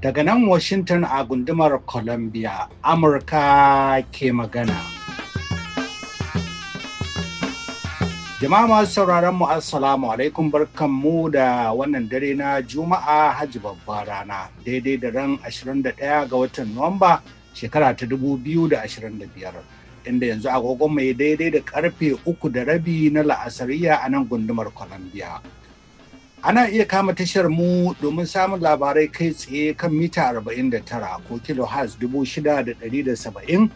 Daga nan Washington a gundumar Columbia, Amurka ke magana. Jama'a masu sauraron mu Assalamu alaikum barkanmu da wannan dare na Juma'a Hajji babba rana daidai da ran 21 ga watan Nuwamba shekara ta 2025. inda yanzu agogon mai daidai da karfe uku da rabi na la'asariya a nan gundumar Columbia. Ana iya kama tashar mu domin samun labarai kai tsaye kan mita 49 ko kilo has 6,170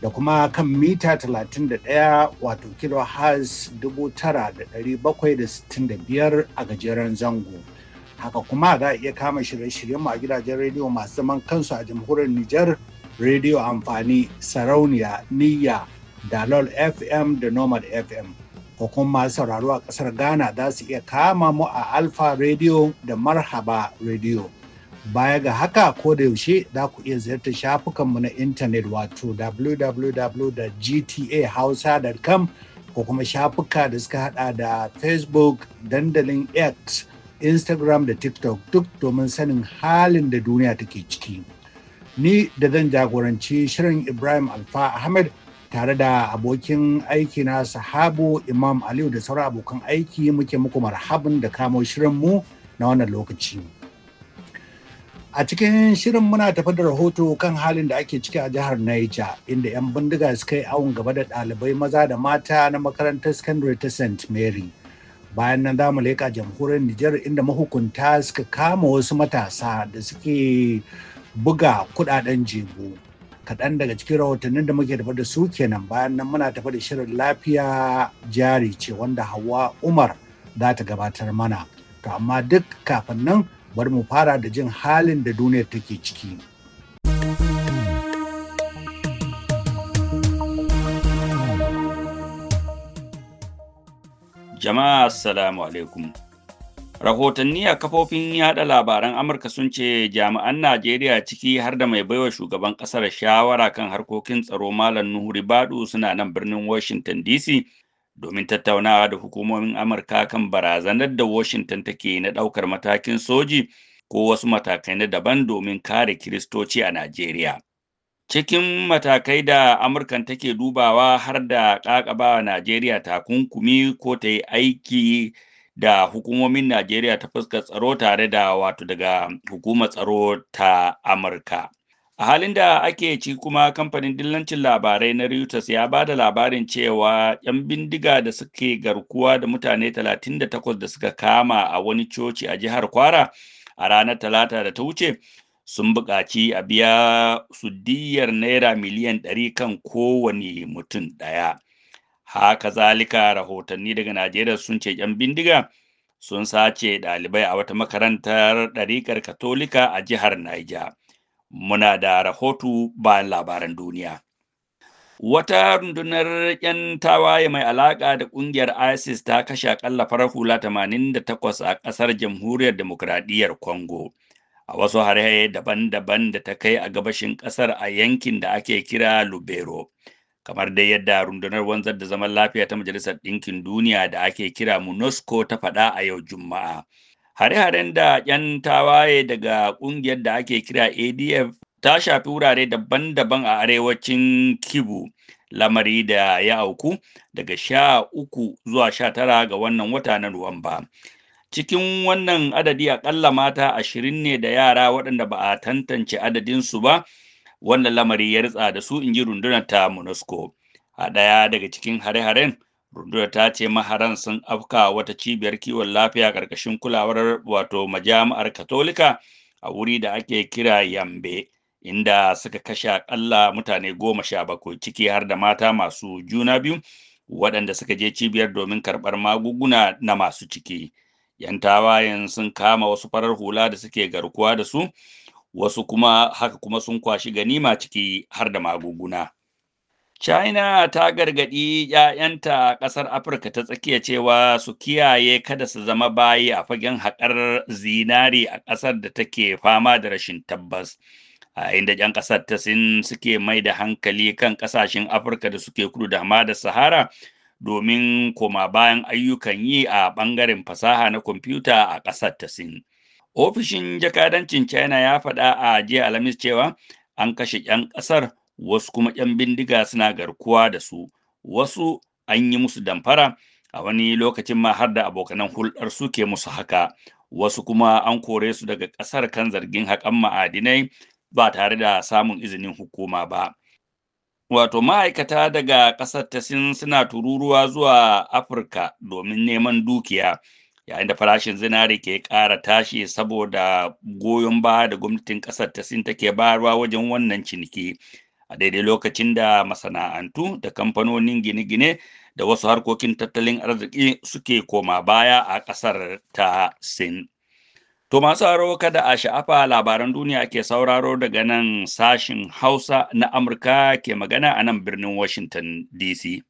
da kuma kan mita 31 wato kilo has 9,765 a gajeren zango. Haka kuma za a iya kama shirye-shiryen mu a gidajen rediyo masu zaman kansu a jamhuriyar Nijar. rediyo amfani sarauniya niyya dalol fm da nomad fm ko kuma masu sauraro a kasar ghana za su iya kama mu a alfa rediyo da marhaba rediyo baya ga haka ko da yaushe za ku iya ziyartar shafukanmu na intanet wato www.gtahausa.com ko kuma shafuka da suka hada da facebook dandalin x instagram da tiktok duk domin sanin halin da duniya take ciki. ni da zan jagoranci shirin ibrahim alfa ahmed tare da abokin aiki na sahabo imam aliyu da sauran abokan aiki muke muku marhabin da kamo shirinmu na wannan lokaci a cikin shirin muna tafi da rahoto kan halin da ake ciki a jihar Niger inda 'yan bindiga suka yi awon gaba da ɗalibai maza da mata na makarantar secondary ta st mary bayan nan za mu leƙa jamhuriyar niger inda mahukunta suka kama wasu matasa da suke buga kudaden jego kaɗan daga cikin rahotannin da muke tafa da su kenan bayan nan muna tafa da shirin lafiya jari ce wanda hawa umar za ta gabatar mana to amma duk kafin nan bari mu fara da jin halin da duniyar take ciki jama'a assalamu alaikum Rahotanni a kafofin yada labaran Amurka sun ce jami'an Najeriya ciki har da mai baiwa shugaban kasar shawara kan harkokin tsaro Malam Nuhuri Badu suna nan birnin Washington DC domin tattaunawa da hukumomin Amurka kan barazanar da Washington take na ɗaukar matakin soji ko wasu matakai na daban domin kare Kiristoci a Najeriya. Cikin matakai da Amurkan take dubawa har da ƙaƙabawa Najeriya takunkumi ko ta yi aiki da hukumomin Najeriya ta fuskar tsaro tare da wato daga hukumar tsaro ta Amurka. A halin da ake ci kuma kamfanin dillancin labarai na Reuters ya ba da labarin cewa 'yan bindiga da suke garkuwa da mutane 38 da suka kama a wani coci a jihar Kwara a ranar Talata da ta wuce sun buƙaci a biya su diyyar naira miliyan 100 kan kowane mutum ɗaya. haka zalika rahotanni daga najeriya sun ce yan bindiga sun sace ɗalibai a wata makarantar ɗariƙar katolika a jihar niger muna da rahoto ba labaran duniya wata rundunar 'yan tawaye mai alaƙa da ƙungiyar isis ta kashe aƙalla farar hula 88 a ƙasar jamhuriyar demokradiyyar Kongo, a wasu harhe daban-daban da ta kai a gabashin ƙasar a yankin da ake kira lubero kamar dai yadda rundunar wanzar da zaman lafiya ta majalisar ɗinkin duniya da ake kira monusco ta faɗa a yau juma'a hare-haren da 'yan tawaye daga ƙungiyar da ake kira adf ta shafi wurare daban-daban a arewacin kibu lamari da ya auku daga sha uku zuwa sha tara ga wannan wata na nuwamba cikin wannan adadi akalla mata ashirin ne da yara waɗanda ba a tantance adadinsu ba wannan lamari ya ritsa da su in ji rundunar ta monusco a ɗaya daga cikin hare-haren rundunar ta ce maharan sun afka wata cibiyar kiwon lafiya ƙarƙashin kulawar wato majami'ar katolika a wuri da ake kira yambe inda suka kashe Allah mutane goma sha bakwai ciki har da mata masu juna biyu waɗanda suka je cibiyar domin karɓar magunguna na masu ciki yan tawayen sun kama wasu farar hula da suke garkuwa da su wasu kuma haka kuma sun kwashi ganima ciki har da magunguna. China ta gargaɗi ‘ya'yanta ƙasar Afirka ta tsakiya cewa su kiyaye kada su zama bayi a fagen haƙar zinari a ƙasar da take fama da rashin tabbas. A inda ‘yan ƙasar ta sin suke mai da hankali kan ƙasashen Afirka da suke kudu da da Sahara domin koma bayan ayyukan yi a ɓangaren fasaha na kwamfuta a ƙasar ta sin. Ofishin jakadancin China ya faɗa a jiya Alhamis cewa an kashe 'yan ƙasar wasu kuma 'yan bindiga suna garkuwa da su, wasu an yi musu damfara a wani lokacin ma har da abokanan hulɗar suke musu haka, wasu kuma an kore su daga ƙasar kan zargin haƙan ma'adinai ba tare da samun izinin hukuma ba. Wato ma'aikata daga ƙasar ta sin suna tururuwa zuwa Afirka domin neman dukiya. yayin da farashin zinari ke ƙara tashi saboda goyon baya da gwamnatin ƙasar ta sin take bayarwa wajen wannan ciniki a daidai lokacin da masana'antu da kamfanonin gine-gine da wasu harkokin tattalin arziki suke koma baya a ƙasar ta sin to masu haro kada a sha'afa labaran duniya ke sauraro daga nan sashin hausa na amurka ke magana a nan birnin washington dc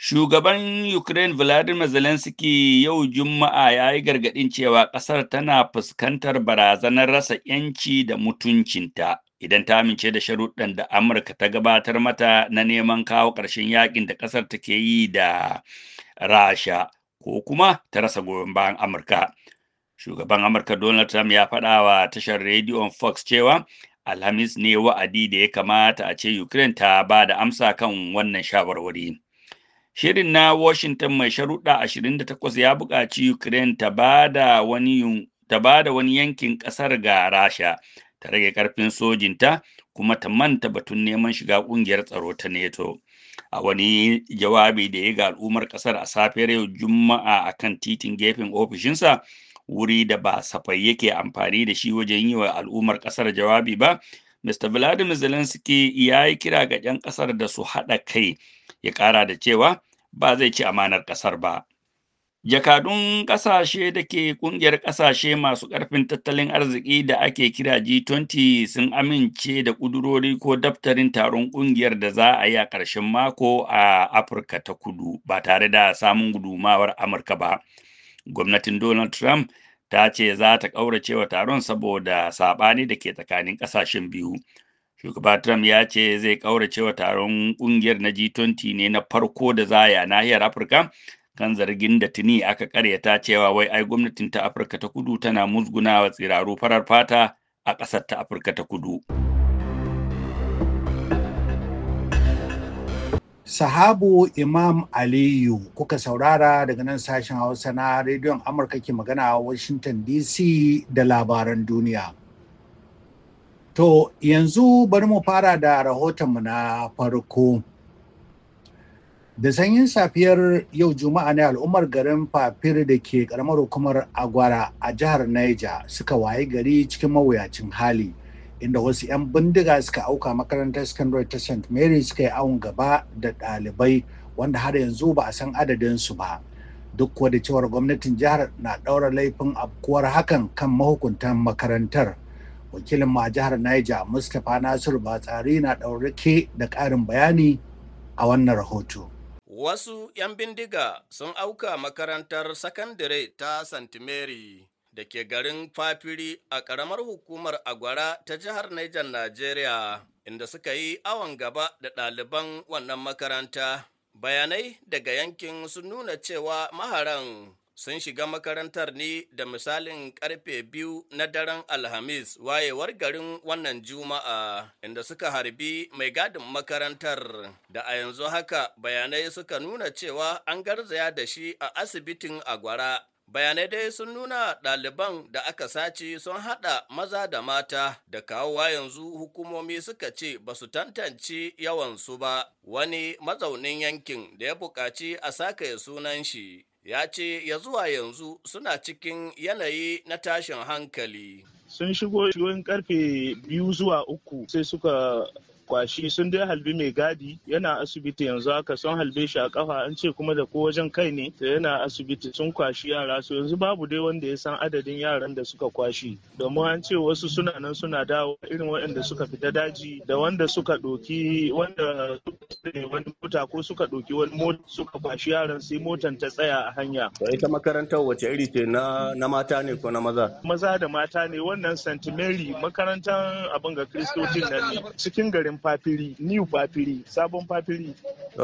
Shugaban Ukraine Vladimir Zelensky yau Juma'a ya yi gargaɗin cewa ƙasar tana fuskantar barazanar rasa 'yanci da mutuncinta idan ta amince da sharuɗan da Amurka ta gabatar mata na neman kawo ƙarshen yakin da ƙasar take yi da Rasha ko kuma ta rasa goyon bayan Amurka. Shugaban Amurka Donald Trump ya faɗa wa tashar rediyon Fox cewa Alhamis ne wa'adi da ya kamata a ce Ukraine ta ba da amsa kan wannan shawarwari. Shirin na Washington mai sharuɗa 28 ya buƙaci Ukraine ta ba da wani yankin ƙasar ga Rasha, ta rage ƙarfin sojinta kuma ta manta batun neman shiga ƙungiyar tsaro ta NATO. A wani jawabi da ya ga al'ummar ƙasar a safiyar yau Juma'a a kan titin gefen ofishinsa, wuri da ba safai yake amfani da shi wajen yi wa al'ummar ƙasar jawabi ba, Mr. Vladimir Zelensky ya yi kira ga 'yan ƙasar da su haɗa kai ya ƙara da cewa ba zai ci amanar ƙasar ba. Jakadun ƙasashe da ke ƙungiyar ƙasashe masu ƙarfin tattalin arziki da ake kira G20 sun amince da ƙudurori ko daftarin taron ƙungiyar da za a yi a ƙarshen mako a Afirka ta kudu ba tare da samun gudumawar Amurka ba. Gwamnatin Donald Trump ta ce za ta ƙaurace wa taron saboda saɓani da ke tsakanin ƙasashen biyu shugaba trump ya ce zai ƙaurace wa taron ƙungiyar na g20 ne na farko da za a nahiyar afirka kan zargin da tuni aka karyata cewa wai ai gwamnatin ta afirka ta kudu tana musguna wa tsiraru farar fata a ƙasar ta afirka ta kudu. Sahabu Imam Aliyu kuka saurara daga nan sashen Hausa na rediyon Amurka ke magana a Washington DC da labaran duniya. To yanzu bari mu fara da rahotonmu na farko. Da sanyin safiyar yau Juma'a ne al'ummar garin Fafir da ke ƙaramar hukumar Agwara a jihar Niger suka waye gari cikin mawuyacin hali. inda wasu 'yan bindiga suka auka makarantar secondary ta st mary suka yi awon gaba da ɗalibai wanda har yanzu ba a san adadinsu ba duk da cewar gwamnatin jihar na ɗaura laifin afkuwar hakan kan mahukuntan makarantar wakilin ma jihar niger mustapha nasiru batsari na ɗaurake da ƙarin bayani a wannan rahoto wasu 'yan bindiga sun auka makarantar Secondary ta st mary da ke garin Fafiri a ƙaramar hukumar Agwara ta jihar Niger, Najeriya, inda suka yi awon gaba da ɗaliban wannan makaranta. Bayanai daga yankin sun nuna cewa maharan sun shiga makarantar ne da misalin karfe biyu na daren Alhamis wayewar garin wannan Juma'a, inda suka harbi mai gadin makarantar da a yanzu haka bayanai suka nuna cewa an garzaya da shi a asibitin Agwara. bayanai dai sun nuna ɗaliban da aka sace sun haɗa maza da mata da kawowa yanzu hukumomi suka ce ba su tantance yawansu ba wani mazaunin yankin da ya buƙaci a sakaye sunan shi ya ce ya zuwa yanzu suna cikin yanayi na tashin hankali sun shigo shigoyin karfe biyu zuwa uku sai suka kwashi sun dai halbi mai gadi yana asibiti yanzu haka sun halbe shi a kafa an ce kuma da ko wajen kai ne da yana asibiti sun kwashi yara su yanzu babu dai wanda ya san adadin yaran da suka kwashi domin an ce wasu suna nan suna dawo irin waɗanda suka fita daji da wanda suka ɗoki wanda wani mota ko suka ɗoki wani mota suka kwashi yaran sai motan ta tsaya a hanya. ita makarantar wace iri ce na mata ne ko na maza? Maza da mata ne wannan St. Mary makarantar abin ga Kristocin nan ne cikin garin fafiri new fafiri sabon fafiri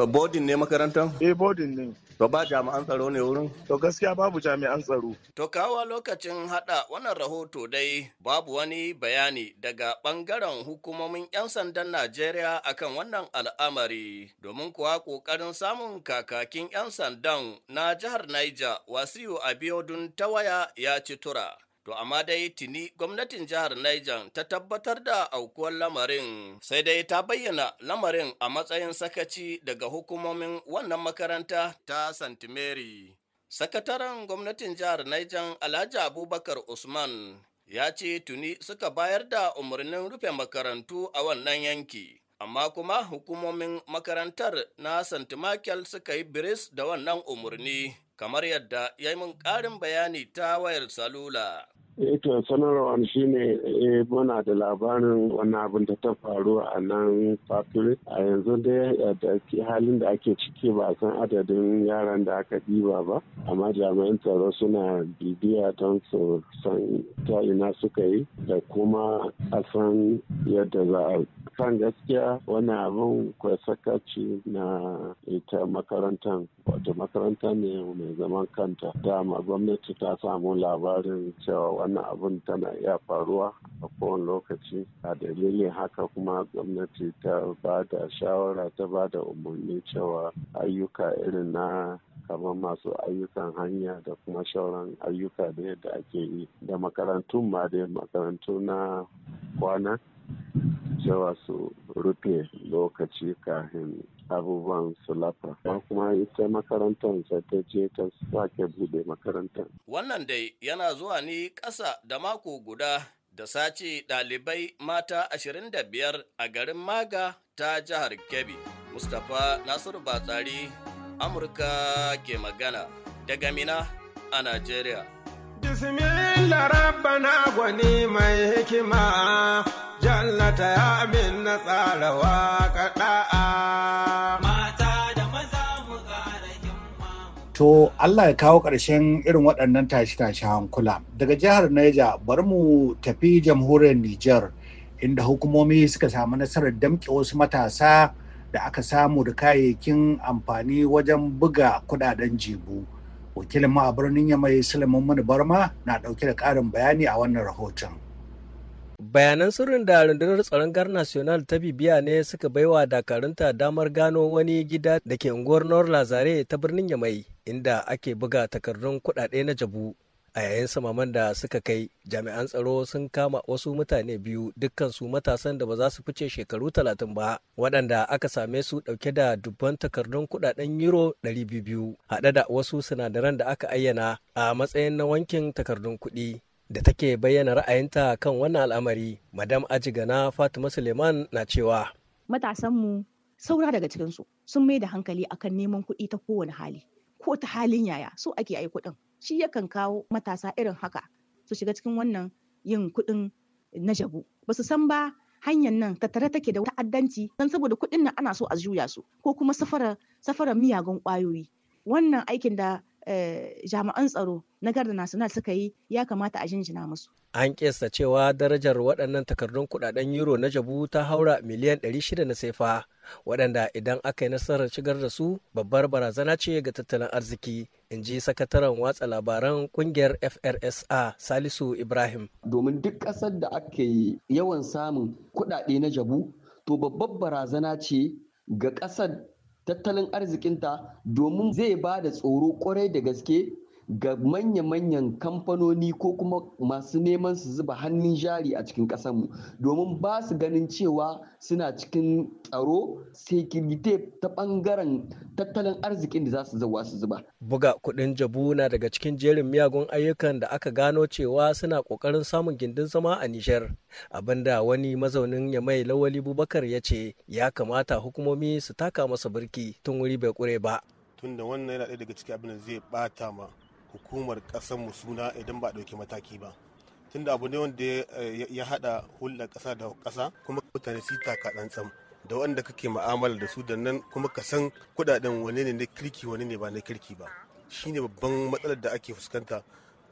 bodin ne makarantar eh bodin ne to ba jami'an tsaro ne wurin to gaskiya babu jami'an tsaro to kawo lokacin hada wannan rahoto dai babu wani bayani daga bangaren hukumomin 'yan sandan najeriya akan wannan al'amari domin kuwa kokarin samun kakakin 'yan sandan na jihar niger wasiu abiodun ta waya ya ci tura To amma dai tuni gwamnatin jihar Niger ta tabbatar da aukuwar lamarin sai dai ta bayyana lamarin a matsayin sakaci daga hukumomin wannan makaranta ta St. Mary. Sakataren gwamnatin jihar Niger Alhaji Abubakar Usman ya ce tuni suka bayar da umarnin rufe makarantu a wannan yanki. Amma kuma hukumomin makarantar na St. Michael suka yi biris da wannan umarni, kamar yadda ya yi mun ƙarin bayani ta wayar salula. Eh, to sanarwar shi ne eh, muna da labarin wani abin da ta faru a nan fafiri a yanzu eh, da halin da ake ciki ba san adadin yaran da aka ɗiba ba amma jami'an tsaro suna bibiya don su san ta ina suka yi da kuma a san yadda za a kan gaskiya wani abin kwasakaci na ita makarantar wata makaranta ne mai zaman kanta dama gwamnati ta samu labarin cewa wannan abin tana iya faruwa a kowane lokaci a dalilin haka kuma gwamnati ta ba da shawara ta ba da umarni cewa ayyuka irin na kamar masu ayyukan hanya da kuma shauran ayyuka da yadda ake yi da makarantun ma dai makarantu na kwana cewa su rufe lokaci kafin abubuwan su lafa kuma ita makarantar sai ta je ta sake bude makarantar wannan dai yana zuwa ni ƙasa da mako guda da sace ɗalibai mata 25 a garin maga ta jihar kebbi mustapha nasiru batsari amurka ke magana daga mina a najeriya Bismillah rabbana gwani mai hikima, jallata ya na tsarawa Mata da maza mu ƙara himma. To Allah ya kawo ƙarshen irin waɗannan tashi-tashi hankula. Daga jihar Neja bari mu tafi jamhuriyar Nijar, inda hukumomi suka samu nasarar damƙe wasu matasa da aka samu da kayayyakin amfani wajen buga kuɗaɗen jibu. wakilin ma a birnin yamai sulaiman mani barma na dauke da karin bayani a wannan rahoton bayanan sirrin da rundunar tsaron gar national ta bibiya ne suka baiwa dakarunta damar gano wani gida da ke unguwar nor lazare ta birnin yamai inda ake buga takardun kuɗaɗe na jabu a yayin samaman da suka kai jami'an tsaro sun kama wasu mutane biyu dukkansu matasan da ba za su fice shekaru talatin ba waɗanda aka same su ɗauke da dubban takardun kudaden euro ɗari biyu haɗe da wasu sinadaran da aka ayyana a matsayin na wankin takardun kuɗi da take bayyana ra'ayinta kan wannan al'amari madam ajigana fatima suleiman na cewa matasanmu saura daga cikinsu sun mai da hankali akan neman kuɗi ta kowane hali ko ta halin yaya so ake ai kuɗin shi yakan kawo matasa irin haka su shiga cikin wannan yin kuɗin na jabu ba su san ba hanyar nan tattare take da ta'addanci don saboda kuɗin nan ana so a juya su ko kuma safara miyagun ƙwayoyi wannan aikin da Eh, jami'an tsaro na garda national suka yi ya kamata a jinjina musu. An kesa cewa darajar waɗannan takardun kuɗaɗen euro na jabu ta haura miliyan 600 na sefa waɗanda idan aka yi nasarar shigar da su babbar barazana ce ga tattalin arziki in ji sakataren watsa labaran kungiyar FRSA Salisu Ibrahim. Domin duk ƙasar da aka yi yawan samun kuɗaɗe na jabu to babbar barazana ce ga ƙasar tattalin arzikinta domin zai ba da tsoro kwarai da gaske ga manya-manyan kamfanoni ko kuma masu neman su zuba hannun jari a cikin ƙasarmu domin ba su ganin cewa suna cikin tsaro sekirite ta bangaren tattalin arzikin da za su zuba su zuba. Buga kuɗin jabu na daga cikin jerin miyagun ayyukan da aka gano cewa suna ƙoƙarin samun gindin zama a Nijar. Abinda wani mazaunin ya mai Lawali Bubakar ya ce ya kamata hukumomi su taka masa birki tun wuri bai ƙure ba. Tunda wannan yana ɗaya daga cikin abin da zai ɓata ma hukumar mu suna idan ba ɗauki mataki ba tunda abu ne wanda ya haɗa hulɗar ƙasa da ƙasa kuma mutane su taka tsantsan da wanda kake ma'amala da su da nan kuma ka san kuɗaɗen wani ne na kirki wani ne ba na kirki ba shine babban matsalar da ake fuskanta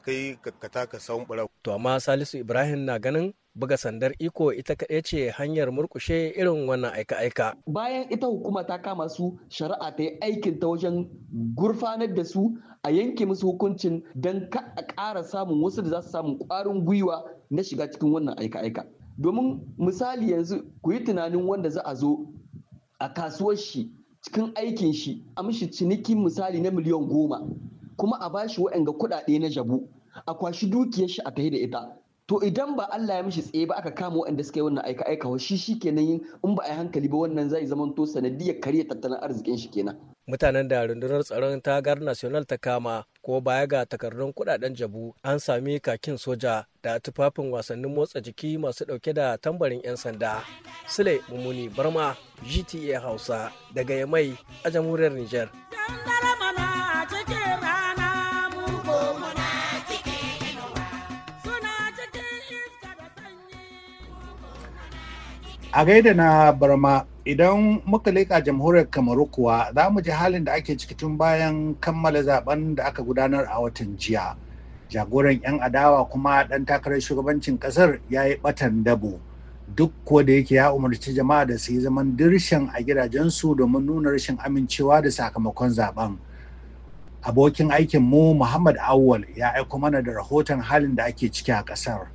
kai ka taka barau to amma Salisu Ibrahim na ganin buga sandar iko ita kaɗai ce hanyar murkushe irin wannan aika-aika. Bayan ita hukuma ta kama su shari'a ta yi aikin ta wajen gurfanar da su a yanke musu hukuncin don ka a ƙara samun wasu da za su samu ƙwarin gwiwa na shiga cikin wannan aika-aika. Domin misali yanzu ku yi tunanin wanda za a zo a kasuwar shi cikin aikin shi a mishi ciniki misali na miliyan goma kuma a bashi waɗanga kuɗaɗe na jabu a kwashi dukiyar shi a tahi da ita to idan ba Allah ya mishi tsaye ba aka kama waɗanda suka yi wannan aika aika shi shi kenan in ba a yi hankali ba wannan zai zama to sanadiyar karya tattalin arzikin shi kenan mutanen da rundunar tsaron ta gar national ta kama ko baya ga takardun kudaden jabu an sami kakin soja da tufafin wasannin motsa jiki masu dauke da tambarin 'yan sanda sule mumuni barma gta hausa daga yamai a jamhuriyar niger a gaida na barma idan muka leka jamhuriyar kamaru kuwa za mu ji halin da ake ciki tun bayan kammala zaben da aka gudanar a watan jiya jagoran 'yan adawa kuma ɗan takarar shugabancin ƙasar ya yi ɓatan dabo duk ko da yake ya umarci jama'a da su yi zaman dirshan a gidajensu domin nuna rashin amincewa da sakamakon zaben abokin aikin mu muhammad awwal ya aiko mana da rahoton halin da ake ciki a ƙasar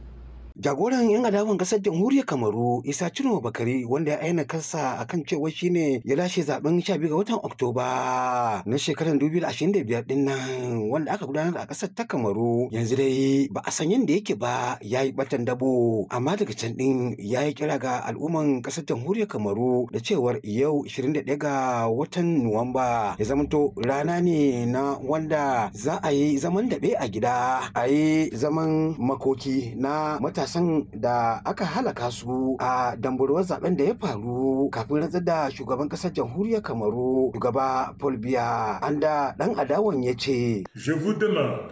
Jagoran 'yan adawan kasar jamhuriyar Kamaru Isa Cino Bakari wanda ya aina kansa kan cewa shine ya lashe zaben 12 ga watan Oktoba na shekarar 2025 din nan wanda aka gudanar a kasar ta Kamaru yanzu dai ba a san yanda yake ba ya yi batan dabo amma daga can din yayi kira ga al'umman kasar jamhuriyar Kamaru da cewar yau 21 ga watan Nuwamba ya zamanto rana ne na wanda za a yi zaman daɓe a gida a yi zaman makoki na matasa matasan da aka halaka su a damburwar zaben da ya faru kafin rantsar da shugaban kasar jamhuriyar kamaru shugaba paul an da dan adawan ya ce je vous demande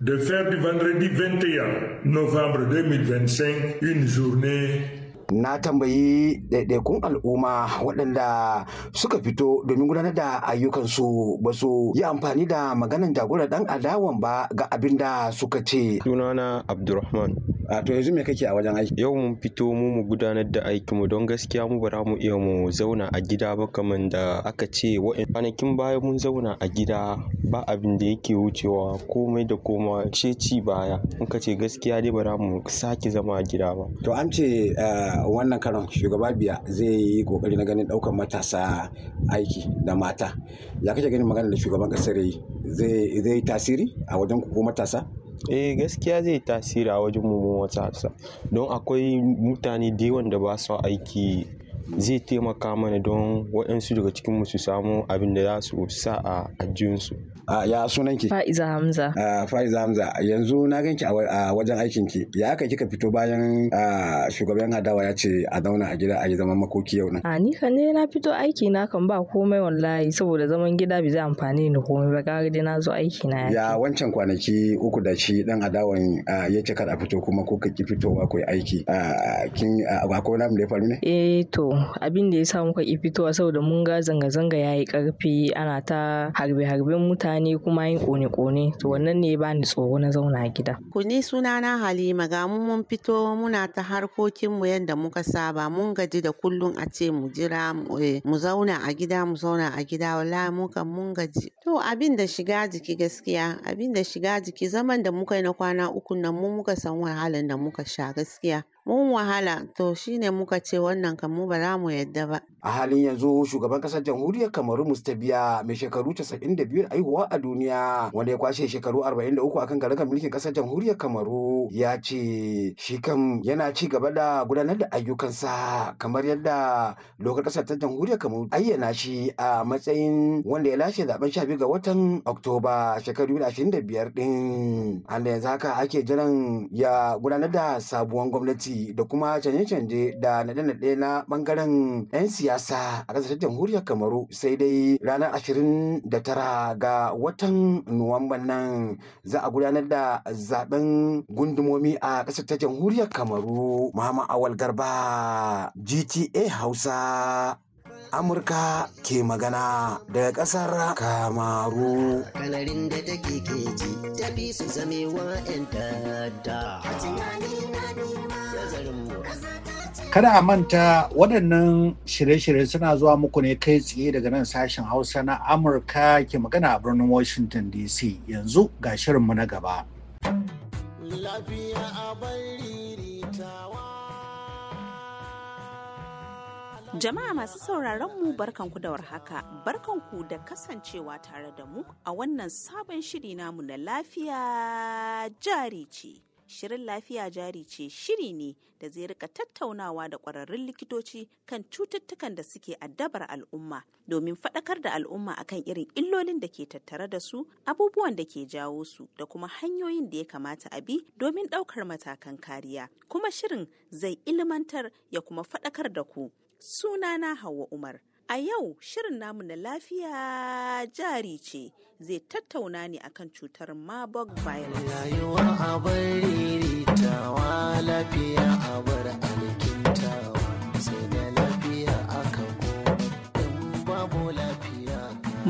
de faire du vendredi 21 novembre 2025 une journée na tambayi ɗaiɗaikun al'umma waɗanda suka fito domin gudanar da ayyukansu ba su yi amfani da maganan jagorar ɗan adawan ba ga abin da suka ce. Sunana Abdulrahman. a to yanzu me kake a wajen aiki yau mun fito mu mu gudanar da aiki mu don gaskiya mu bara mu iya mu zauna a gida ba kamar da aka ce wa'in kwanakin baya mun zauna a gida ba abin da yake wucewa komai da koma ce ci baya in ka ce gaskiya dai bara mu sake zama a gida ba to an ce eh, wannan karon shugaba biya zai yi kokari na ganin daukan matasa aiki da mata ya kake ganin magana da shugaban kasar yi zai yi tasiri a wajen kuku matasa eh gaskiya zai yi tasiri a wajen mu matasa don akwai mutane da yawan da ba su aiki zai taimaka mana don waɗansu daga cikin su samu abin da za su sa a ajiyunsu. A ya sunan ki? Fa'iza Hamza. Fa'iza Hamza yanzu na ganki a wajen aikin ki ya aka kika fito bayan shugaban hadawa ya ce a zauna a gida a yi zaman makoki yau nan. A ni kan ne na fito aiki na kan ba komai wallahi saboda zaman gida bai zai amfani ni komai ba kaga dai na zo aiki na. Ya wancan kwanaki uku da shi dan adawan ya ce kada fito kuma ko ki fitowa ko aiki. Kin akwai wani abu da ya faru ne? Eh to abin da ya sa muka ki fitowa saboda mun ga zanga-zanga ya yi ƙarfi ana ta harbe-harben mutane kuma yin ƙone-ƙone to wannan ne ba ni tsoro na zauna gida. Ku ni sunana Halima ga mu mun fito muna ta harkokin mu yadda muka saba mun gaji da kullum a ce mu jira eh, mu zauna a gida mu zauna a gida wallahi mun kan mun gaji. To abin da shiga jiki gaskiya abin da shiga jiki zaman da muka yi na kwana uku nan mu muka san wahalar da muka sha gaskiya. mun wahala to shine muka ce wannan kam mu ba za mu yadda ba. a halin yanzu shugaban kasar jamhuriyar kamaru mustabiya mai shekaru 92 aihuwa a duniya wanda ya kwashe shekaru 43 akan garagar mulkin kasar jamhuriyar kamaru ya ce shi kam yana ci gaba da gudanar da ayyukansa kamar yadda lokacin kasar ta jamhuriyar kamaru ayyana shi a matsayin wanda ya lashe zaben 12 ga watan oktoba shekaru 25 din an da yanzu haka ake jiran ya gudanar da sabuwan gwamnati da kuma canje-canje da naɗe-naɗe na bangaren 'yan siyasa siyasa a ƙasar jamhuriyar kamaru sai dai ranar ashirin da tara ga watan nuwamban nan za a gudanar da zaben gundumomi a ƙasar ta jamhuriyar kamaru mama awal garba gta hausa Amurka ke magana daga ƙasar Kamaru. Kanarin da take ke ta fi su zamewa 'yan A na nima, zarin mu. Kada a manta waɗannan shirye-shirye suna zuwa muku ne kai tsaye daga nan sashen Hausa na Amurka ke magana a birnin Washington DC yanzu ga shirinmu na gaba. Jama'a masu sauraron mu barkanku da warhaka, barkanku da kasancewa tare da mu a wannan sabon shiri namu na lafiya jari ce. Shirin lafiya jari ce shiri ne da zai rika tattaunawa da kwararrun likitoci kan cututtukan da suke addabar al'umma domin faɗakar da al'umma akan irin illolin da ke tattare da su abubuwan da ke jawo su da kuma hanyoyin da ya kamata a bi domin ɗaukar matakan kariya kuma shirin zai ilmantar ya kuma faɗakar da ku sunana hawa umar A yau shirin namu na lafiya jari ce zai tattauna ne akan cutar Marburg virus. zawa lafiya a bar da lafiya aka babu lafiya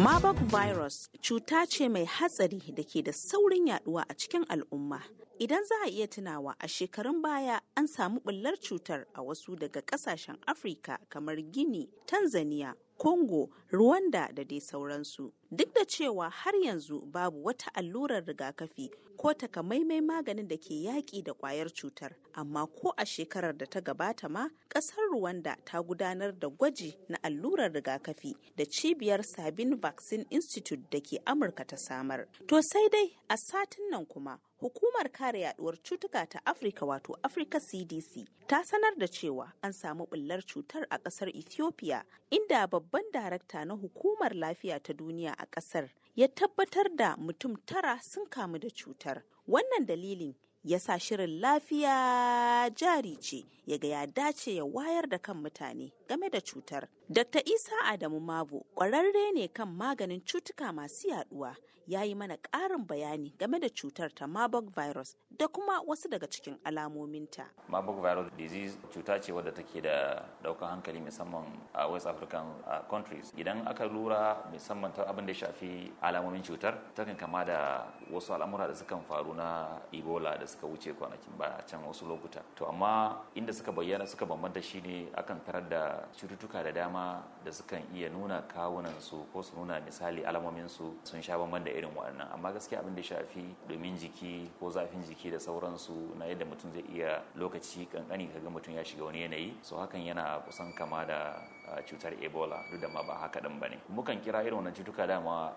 Marburg virus cuta ce mai hatsari da ke da saurin yaduwa a cikin al'umma. Idan za a iya tunawa a shekarun baya an samu bullar cutar a wasu daga kasashen Afrika kamar Guinea, Tanzania, Congo Rwanda da dai sauransu. Duk da cewa har yanzu babu wata allurar rigakafi ko takamaimai maganin da ke yaƙi da ƙwayar cutar, amma ko a shekarar da ta gabata ma, ƙasar Rwanda ta gudanar da gwaji na allurar rigakafi da cibiyar Sabin Vaccine Institute da ke Amurka ta samar. To sai dai a satin nan kuma Hukumar kare yaduwar cutuka ta Afirka wato Africa CDC ta sanar da cewa an samu bullar cutar a ƙasar Ethiopia inda babban darakta na hukumar lafiya ta duniya a ƙasar ya tabbatar da mutum tara sun kamu da cutar. Wannan dalilin ya sa shirin lafiya jari ce ya ga ya dace ya wayar da kan mutane game da cutar. Dr. Isa Adamu Mabo ƙwararre ne kan maganin cutuka masu yaduwa ya yi mana ƙarin bayani game da cutar ta Marburg virus da kuma wasu daga cikin alamominta. Marburg virus disease cuta ce wadda take da daukan hankali musamman a West African countries. Idan aka lura musamman ta abin da shafi alamomin cutar ta kan kama da wasu al'amura da suka faru na Ebola da suka wuce kwanakin ba can wasu lokuta. To amma inda suka bayyana suka bambanta shine akan tarar da cututtuka da dama da sukan iya nuna kawunan su ko su nuna misali alamomin su sun sha bamban da irin waɗannan amma gaskiya abin da shafi domin jiki ko zafin jiki da sauransu na yadda mutum zai iya lokaci kankani kaga mutum ya shiga wani yanayi so hakan yana kusan kama da cutar ebola duk da ma ba haka ɗin ba ne mukan kira irin wannan cutuka dama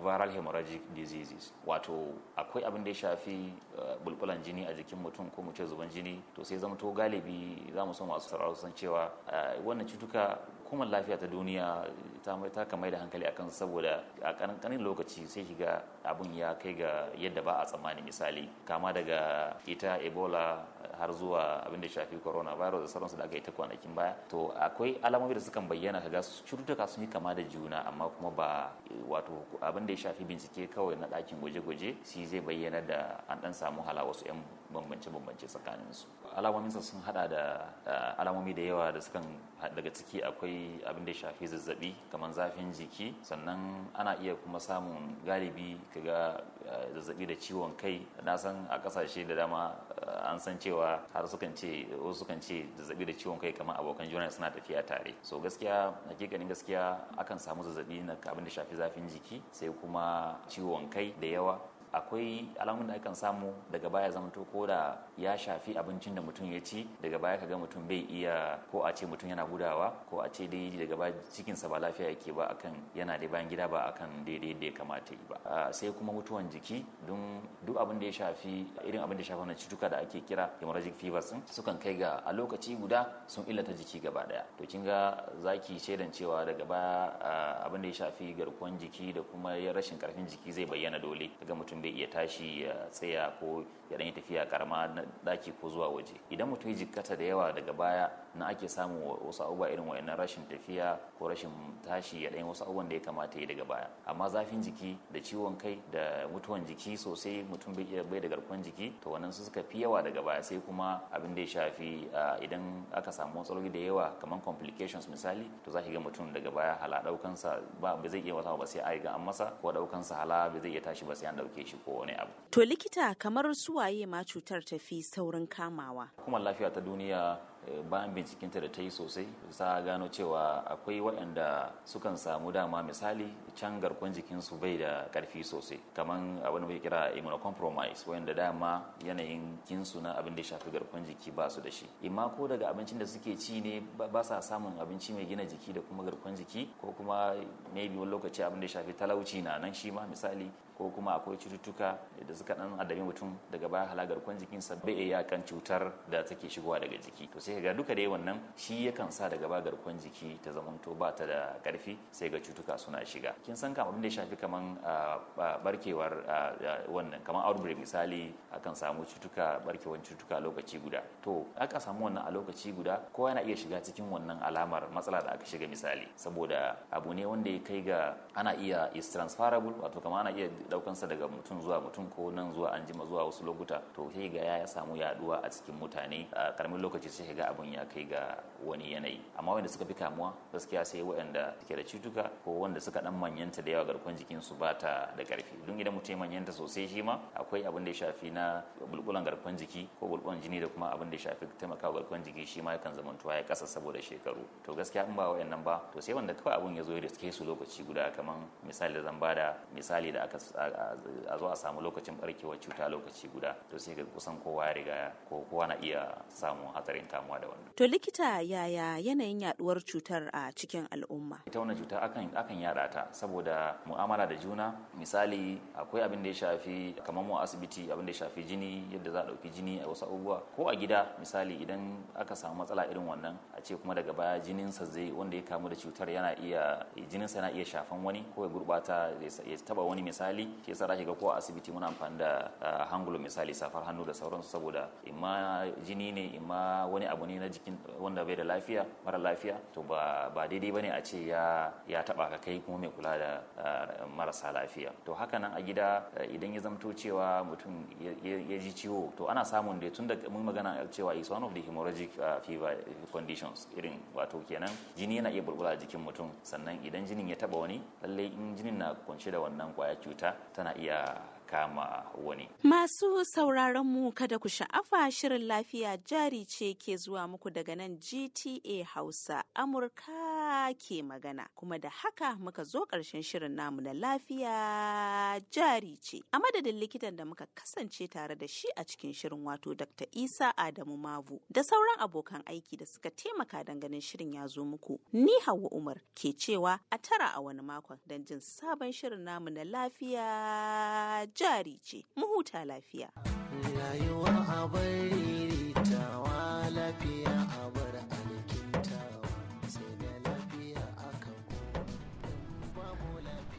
viral hemorrhagic diseases wato akwai abin da ya shafi bulbulan jini a jikin mutum ko mu ce zuban jini to sai zama to galibi za mu so masu sauraro san cewa wannan cutuka hukumar lafiya ta duniya ta mai ta kamar da hankali akan saboda a kankanin lokaci sai shiga abin ya kai ga yadda ba a tsammani misali kama daga ita ebola har zuwa abin da shafi corona virus da sauransu da aka yi ta kwanakin baya to akwai alamomi da sukan bayyana kaga cututtuka sun yi kama da juna amma kuma ba wato abin da ya shafi bincike kawai na dakin gwaje-gwaje shi zai bayyana da an dan samu hala wasu 'yan bambance-bambance tsakaninsu sa sun hada da alamomi da yawa da sukan daga ciki akwai abin da ya shafi zazzabi kamar zafin jiki sannan ana iya kuma samun galibi kaga eh, zazzabi da ciwon kai na san a kasashe da dama eh, an san cewa cewa har sukan ce wasu ce zazzabi da ciwon kai kamar abokan juna suna tafiya tare so gaskiya hakikanin gaskiya akan samu zazzabi na abin da shafi zafin jiki sai kuma ciwon kai da yawa akwai alamun da akan samu daga baya to ko da ya shafi abincin da mutum ya ci daga baya kaga mutum bai iya ko a ce mutum yana gudawa ko a ce dai daga baya cikinsa ba lafiya yake ba akan yana dai bayan gida ba akan daidai da ya kamata yi ba sai kuma mutuwan jiki don duk abin da ya shafi irin abin da ya shafi wannan cutuka da ake kira hemorrhagic fevers sukan kai ga a lokaci guda sun illata jiki gaba daya to kin ga zaki shaidan cewa daga baya abin da ya shafi garkuwan jiki da kuma rashin karfin jiki zai bayyana dole daga mutum 被液态的 C A O。ya yi tafiya karama na daki ko zuwa waje idan mutum ya jikkata da yawa daga baya na ake samun wasu abubuwa irin wayannan rashin tafiya ko rashin tashi ya dan wasu abubuwan da ya kamata yi daga baya amma zafin jiki da ciwon kai da mutuwan jiki sosai mutum bai iya bai da garkuwan jiki to wannan su suka fi yawa daga baya sai kuma abin da ya shafi idan aka samu matsaloli da yawa kamar complications misali to zaki ga mutum daga baya hala daukansa ba ba zai iya wasa ba sai ai ga an masa ko daukansa hala bai zai iya tashi ba sai an dauke shi ko wani abu to likita kamar su waye ma cutar ta fi saurin kamawa hukumar lafiya ta duniya eh, bayan bincikinta da ta yi sosai za gano cewa akwai waɗanda sukan samu dama misali can garkon jikinsu bai da ƙarfi sosai kamar abin da kira immunocompromise waɗanda dama yanayin kinsu na abin da ya shafi garkon jiki ba su da shi imma ko daga abincin da suke ci ne ba sa samun abinci mai gina jiki da kuma garkon jiki ko kuma maybe wani lokaci abin da ya shafi talauci na nan shi ma misali ko kuma akwai cututtuka da suka dan adami mutum daga baya halagar kwan sa bai iya kan cutar da take shigowa daga jiki to sai ga duka dai wannan shi yakan sa daga baya garkuwan jiki ta zamanto ba ta da karfi sai ga cutuka suna shiga kin san kamar abin da ya shafi kaman barkewar wannan kaman outbreak misali akan samu cutuka barkewar cutuka lokaci guda to aka samu wannan a lokaci guda kowa yana iya shiga cikin wannan alamar matsala da aka shiga misali saboda abu ne wanda ya kai ga ana iya is transferable wato kamar ana iya daukansa daga mutum zuwa mutum ko nan zuwa an jima zuwa wasu lokuta to sai ga ya samu yaduwa a cikin mutane a karamin lokaci sai ga abun ya kai ga wani yanayi amma wanda suka fi kamuwa gaskiya sai waɗanda suke da cutuka ko wanda suka dan manyanta da yawa garkuwar jikin su ba ta da karfi don idan mutum ya manyanta sosai shi ma akwai abin da ya shafi na bulbulan garkuwar jiki ko bulbulan jini da kuma abin da ya shafi taimakawa garkuwar jiki shi ma yakan zamantuwa ya kasa saboda shekaru to gaskiya in ba waɗannan ba to sai wanda kawai abun ya zo ya riske su lokaci guda kaman misali da zan bada misali da aka a zo a samu lokacin barkewar cuta lokaci guda to sai ga kusan kowa ya riga ko kowa na iya samu hatsarin kamuwa da wannan to likita yaya yanayin yaduwar cutar a cikin al'umma ita wannan cuta akan akan yada ta saboda mu'amala da juna misali akwai abin da ya shafi kamar mu asibiti abin da ya shafi jini yadda za a dauki jini a wasu abubuwa ko a gida misali idan aka samu matsala irin wannan a ce kuma daga baya jininsa zai wanda ya kamu da cutar yana iya jininsa yana iya shafan wani ko ya gurbata ya taba wani misali Ke sa shiga ko a asibiti muna amfani da ah, hangulu misali safar hannu da sauransu saboda imma jini ne imma wani abu ne na jikin wanda bai da lafiya mara lafiya to ba ba daidai bane a ce ya ya taba ka kai kuma mai kula da ah, marasa lafiya to haka nan a gida eh, idan ya zamto cewa mutum ya ji ciwo to ana samun da tun da mun magana a cewa is one of the hemorrhagic ah, fever conditions irin wato kenan jini yana iya bulbula jikin mutum sannan idan jinin ya taba wani lallai in jinin na kunshe da wannan kwaya cuta tana iya kama wani. Masu sauraron mu kada ku sha'afa shirin lafiya jari ce ke zuwa muku daga nan GTA Hausa Amurka ke magana kuma da haka muka zo ƙarshen shirin namu na lafiya jari ce. A madadin likitan da muka kasance tare da shi a cikin shirin wato Dr. Isa Adamu Mavu da sauran abokan aiki da suka taimaka ganin shirin ya zo muku. Ni Hauwa Umar ke cewa a tara a wani makon don jin sabon shirin namu na lafiya jari ce mu huta lafiya.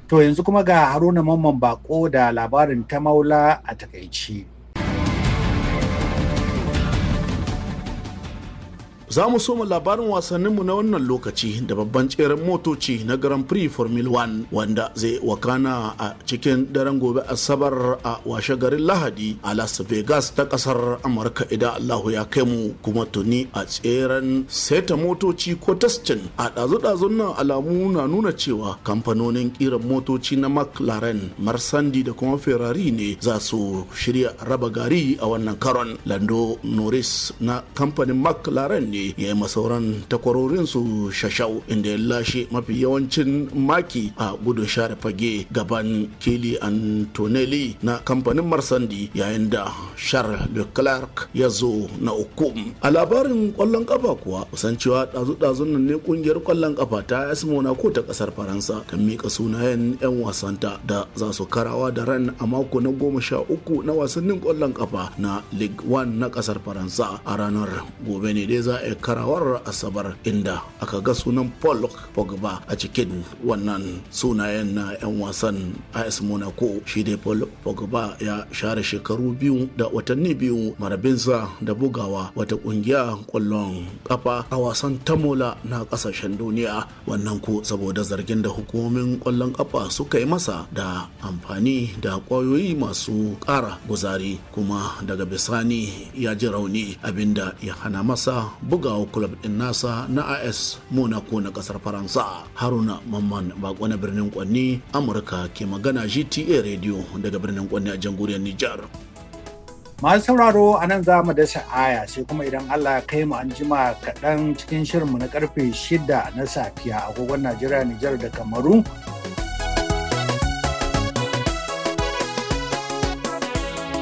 To yanzu kuma ga Haruna Mamman Bako da labarin ta maula a takaici. Za mu soma labarin wasanninmu na wannan lokaci da babban tseren motoci na Grand Prix Formula 1 wanda zai wakana a cikin daren gobe Asabar a washe garin Lahadi a Las Vegas ta kasar Amurka idan Allahu ya kai mu kuma tuni a tseren seta motoci ko tascin a ɗazu dazun nan alamu na nuna cewa kamfanonin ƙiran motoci na McLaren, Marsandi da kuma Ferrari ne za su shirya raba gari a wannan karon. Lando Norris na kamfanin McLaren ne ne ya yi masauran takwarorin su shashau inda ya lashe mafi yawancin maki a gudun share fage gaban kili antonelli na kamfanin marsandi yayin da charles leclerc ya zo na uku a labarin kwallon kafa kuwa kusancewa cewa dazu nan ne kungiyar kwallon kafa ta as monaco ta kasar faransa ta mika sunayen 'yan wasanta da za su karawa da ran a mako na goma sha uku na wasannin kwallon kafa na league one na kasar faransa a ranar gobe ne dai za a Eh, karawar asabar inda aka ga sunan paul pogba a cikin wannan sunayen na 'yan wasan as monaco shi dai paul pogba ya share shekaru biyu da watanni biyu marabinsa da bugawa wata kungiya kwallon kafa a wasan tamola na kasashen duniya wannan ko saboda zargin da hukumomin kwallon kafa suka yi masa da amfani da kwayoyi masu kara guzari kuma daga bisani ya ji rauni abinda ya hana masa buga bugawa club din nasa na AS Monaco na kasar Faransa. Haruna Mamman bako na birnin Kwanni, Amurka ke magana GTA Radio daga birnin Kwanni a jamhuriyar Nijar. Masu sauraro a nan za mu dasa aya sai kuma idan Allah ya kai mu an jima kaɗan cikin shirinmu na karfe shida na safiya agogon Najeriya Nijar da Kamaru